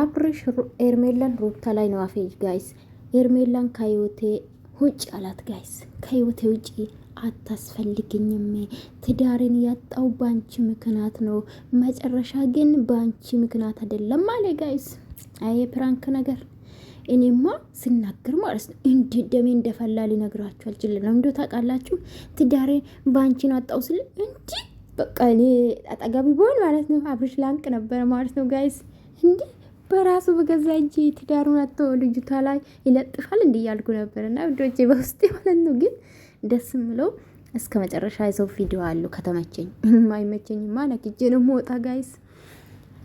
አብርሽ ኤርሜላን ሩታ ላይ ነው አፌጅ ጋይስ። ኤርሜላን ከህይወቴ ውጭ አላት ጋይስ። ከህይወቴ ውጭ አታስፈልግኝም። ትዳሬን ያጣው በአንቺ ምክንያት ነው። መጨረሻ ግን በአንቺ ምክንያት አይደለም አለ ጋይስ። አይ ፕራንክ ነገር እኔማ ስናገር ማለት ነው እንዲ ደሜ እንደፈላ ሊነግራችሁ አልችልም። ነው እንዶ ታውቃላችሁ፣ ትዳሬን በአንቺን አጣው ስል እንዲ በቃ እኔ አጠገቢ ብሆን ማለት ነው አብርሽ ላንቅ ነበረ ማለት ነው ጋይስ እንዲ በራሱ በገዛ እጅ ትዳሩን ነቶ ልጅቷ ላይ ይለጥፋል እንዲ እያልኩ ነበር። እና ውዶቼ በውስጥ ማለት ነው። ግን ደስ ምለው እስከ መጨረሻ የሰው ቪዲዮ አሉ ከተመቸኝ፣ ማይመቸኝ ማ ነክጄ ነው መወጣ ጋይስ።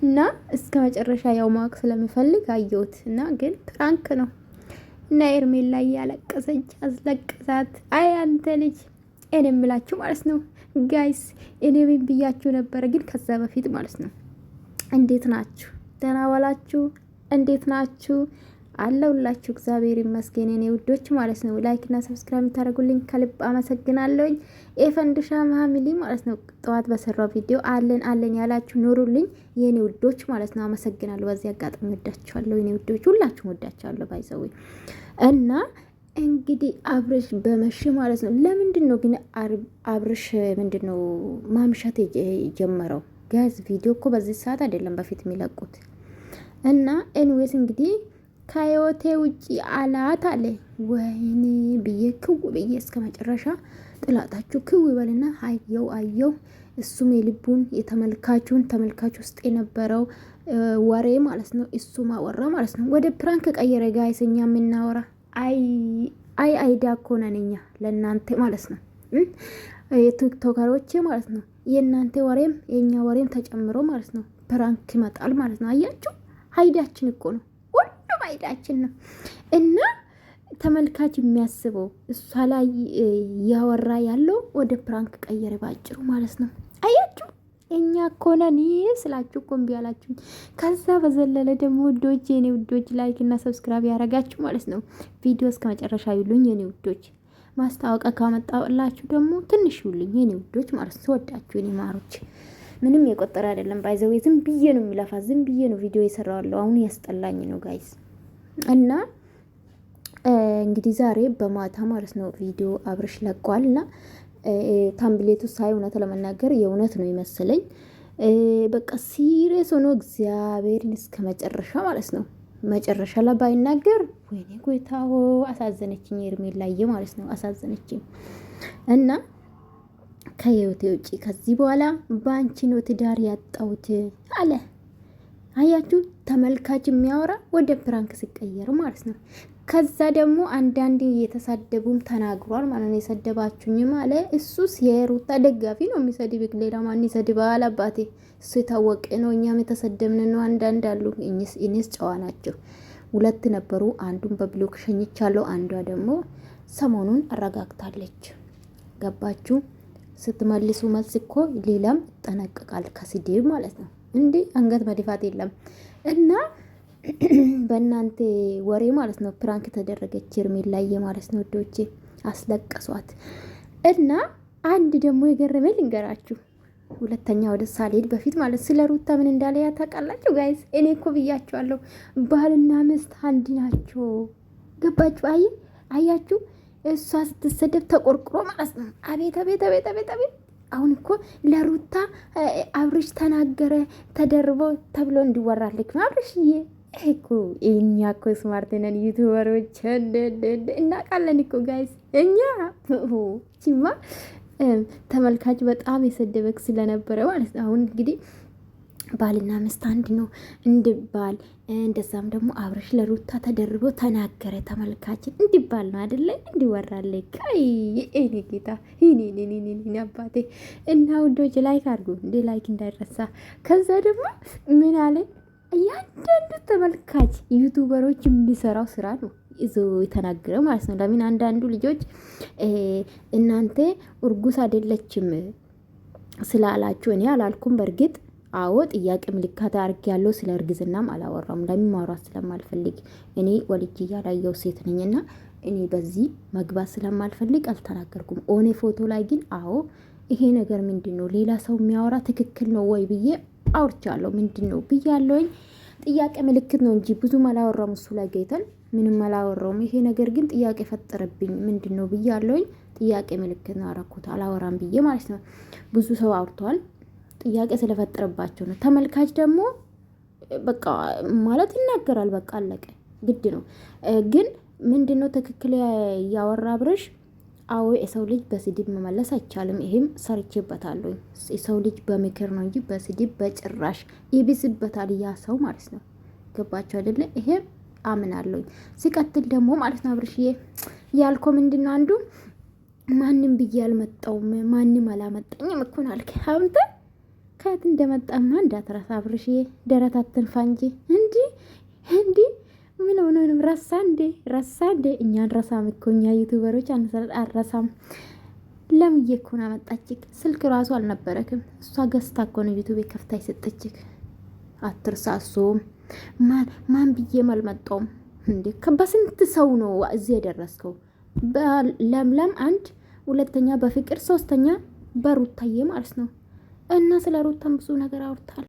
እና እስከ መጨረሻ ያው ማወቅ ስለምፈልግ አየሁት እና ግን ፕራንክ ነው እና ኤርሜል ላይ ያለቀሰች አስለቀሳት። አይ አንተ ልጅ እኔ የምላችሁ ማለት ነው ጋይስ፣ እኔ ብያችሁ ነበረ፣ ግን ከዛ በፊት ማለት ነው እንዴት ናችሁ? ደህና ዋላችሁ፣ እንዴት ናችሁ? አለሁላችሁ እግዚአብሔር ይመስገን የኔ ውዶች ማለት ነው። ላይክ እና ሰብስክራይብ የምታደርጉልኝ ከልብ አመሰግናለሁኝ። ኤፈንድሻ ማሚሊ ማለት ነው። ጠዋት በሰራው ቪዲዮ አለን አለን ያላችሁ ኑሩልኝ የኔ ውዶች ማለት ነው። አመሰግናለሁ። በዚህ አጋጣሚ ወዳችኋለሁ የኔ ውዶች፣ ሁላችሁም ወዳችኋለሁ። ባይዘዌ እና እንግዲህ አብርሽ በመሽ ማለት ነው። ለምንድን ነው ግን አብርሽ ምንድን ነው ማምሻት የጀመረው? ጋዝ ቪዲዮ እኮ በዚህ ሰዓት አይደለም በፊት የሚለቁት እና ኤንዌስ እንግዲህ ከህይወቴ ውጪ አላት አለ። ወይኔ ብዬ ክው ብዬ እስከ መጨረሻ ጥላታችሁ ክው ይበልና አየው አየው። እሱም የልቡን የተመልካቹን ተመልካች ውስጥ የነበረው ወሬ ማለት ነው። እሱም አወራ ማለት ነው። ወደ ፕራንክ ቀየረ። ጋይስ እኛ የምናወራ አይ አይዳ ኮነን እኛ ለእናንተ ማለት ነው ቲክቶከሮቼ ማለት ነው። የእናንተ ወሬም የእኛ ወሬም ተጨምሮ ማለት ነው ፕራንክ ይመጣል ማለት ነው። አያችሁ ሀይዳችን እኮ ነው፣ ሁሉም ሀይዳችን ነው። እና ተመልካች የሚያስበው እሷ ላይ ያወራ ያለው ወደ ፕራንክ ቀየር ባጭሩ ማለት ነው። አያችሁ እኛ እኮ ነን ስላችሁ እኮ እምቢ አላችሁ። ከዛ በዘለለ ደግሞ ውዶች፣ የኔ ውዶች ላይክ እና ሰብስክራይብ ያደረጋችሁ ማለት ነው ቪዲዮ እስከ መጨረሻ ይሉኝ የኔ ውዶች ማስታወቂያ ካመጣላችሁ ደግሞ ትንሽ ይውልኝ የኔ ውዶች ማለት ስወዳችሁ የኔ ማሮች ምንም የቆጠረ አይደለም። ባይዘዌ ዝም ብዬ ነው የሚለፋ ዝም ብዬ ነው ቪዲዮ የሰራዋለሁ። አሁን ያስጠላኝ ነው ጋይዝ እና እንግዲህ ዛሬ በማታ ማለት ነው ቪዲዮ አብርሽ ለቋል እና ታምብሌቱ ሳይ እውነት ለመናገር የእውነት ነው ይመስለኝ። በቃ ሲሪየስ ሆኖ እግዚአብሔርን እስከ መጨረሻ ማለት ነው መጨረሻ ላይ ባይናገር ወይኔ ጎይታዎ አሳዘነችኝ። ሄርሜላዬ ማለት ነው አሳዘነችኝ እና ከህይወቴ ውጭ ከዚህ በኋላ በአንቺ ነው ትዳር ያጣሁት አለ። አያችሁ ተመልካች የሚያወራ ወደ ፕራንክ ሲቀየር ማለት ነው። ከዛ ደግሞ አንዳንድ እየተሳደቡም ተናግሯል ማለት ነው። የሰደባችሁኝም አለ እሱስ የሩታ ደጋፊ ነው የሚሰድብክ። ሌላ ማን ይሰድባል አባቴ? እሱ የታወቀ ነው። እኛም የተሰደብን ነው። አንዳንድ አሉ እኔስ ጨዋ ናቸው። ሁለት ነበሩ። አንዱን በብሎክ ሸኝቻለሁ። አንዷ ደግሞ ሰሞኑን አረጋግታለች። ገባችሁ? ስትመልሱ መልስ እኮ ሌላም ይጠነቀቃል ከስድብ ማለት ነው። እንዲህ አንገት መድፋት የለም እና በእናንተ ወሬ ማለት ነው ፕራንክ ተደረገች ሄርሜላዬ ማለት ነው። ወዶቼ አስለቀሷት እና አንድ ደግሞ የገረመኝ ልንገራችሁ። ሁለተኛ ወደ ሳልሄድ በፊት ማለት ስለ ሩታ ምን እንዳለ ያታውቃላችሁ ጋይስ። እኔ እኮ ብያችኋለሁ፣ ባልና ሚስት አንድ ናቸው። ገባችሁ? አይ አያችሁ፣ እሷ ስትሰደብ ተቆርቁሮ ማለት ነው። አቤት አቤት አቤት አቤት አቤት አሁን እኮ ለሩታ አብርሽ ተናገረ ተደርቦ ተብሎ እንዲወራልክ ነው አብርሽዬ እኮ እኛ እኮ ስማርት ነን ዩቱበሮች እናውቃለን እኮ ጋይስ። እኛ ቺማ ተመልካች በጣም የሰደበክ ስለነበረ ማለት ነው። አሁን እንግዲህ ባልና ምስት አንድ ነው እንድባል፣ እንደዛም ደግሞ አብረሽ ለሩታ ተደርጎ ተናገረ ተመልካች እንዲባል ነው አደለ? እንዲወራለ ይ የኔ ጌታ ይኔኔኔኔኔ አባቴ እና ውዶች ላይክ አድርጉ እንዴ ላይክ እንዳይረሳ። ከዛ ደግሞ ምን አለን እያንዳንዱ ተመልካች ዩቱበሮች የሚሰራው ስራ ነው ይዞ የተናገረ ማለት ነው። ለምን አንዳንዱ ልጆች እናንተ እርጉስ አይደለችም ስላላችሁ እኔ አላልኩም። በእርግጥ አዎ ጥያቄ ምልክት አርግ ያለው ስለ እርግዝናም አላወራም። ለምን ማውራት ስለማልፈልግ እኔ ወልጅ እያላየው ሴት ነኝና እኔ በዚህ መግባት ስለማልፈልግ አልተናገርኩም። ኦኔ ፎቶ ላይ ግን አዎ ይሄ ነገር ምንድን ነው? ሌላ ሰው የሚያወራ ትክክል ነው ወይ ብዬ አውርቻለሁ። ምንድን ነው ብያለሁኝ። ጥያቄ ምልክት ነው እንጂ ብዙም አላወራውም። እሱ ላይ ገይተን? ምንም አላወራውም። ይሄ ነገር ግን ጥያቄ ፈጠረብኝ። ምንድን ነው ብያለሁኝ። ጥያቄ ምልክት ነው አረኩት። አላወራም ብዬ ማለት ነው። ብዙ ሰው አውርቷል። ጥያቄ ስለፈጠረባቸው ነው። ተመልካች ደግሞ በቃ ማለት ይናገራል። በቃ አለቀ። ግድ ነው ግን ምንድን ነው ትክክል ያወራ ብረሽ? አዎ የሰው ልጅ በስድብ መመለስ አይቻልም። ይህም ሰርቼበታለሁ። የሰው ልጅ በምክር ነው እንጂ በስድብ በጭራሽ ይብስበታል ያ ሰው ማለት ነው። ገባቸው አይደለ? ይሄም አምናለሁ። ሲቀጥል ደግሞ ማለት ነው አብርሽዬ ያልኮ ምንድን ነው አንዱ ማንም ብዬ አልመጣውም ማንም አላመጣኝም እኮ ነው አልክ። አንተ ከየት እንደመጣማ እንዳትረሳ አብርሽዬ። ደረታትን ፋንጂ እንዲ እንዲ ምን ሆነንም ረሳ እንዴ ረሳ እንዴ? እኛን ረሳም እኮ እኛ ዩቱበሮች አረሳም። ለምዬ እኮ ነው አመጣችክ። ስልክ ራሱ አልነበረክም። እሷ ገዝታ እኮ ነው ዩቱብ ከፍታ የሰጠችክ። አትርሳሶም። ማን ማን ብዬም አልመጣውም እንዴ። በስንት ሰው ነው እዚህ የደረስከው? ለምለም አንድ፣ ሁለተኛ በፍቅር ሶስተኛ በሩታዬ ማለት ነው። እና ስለ ሩታም ብዙ ነገር አውርታል።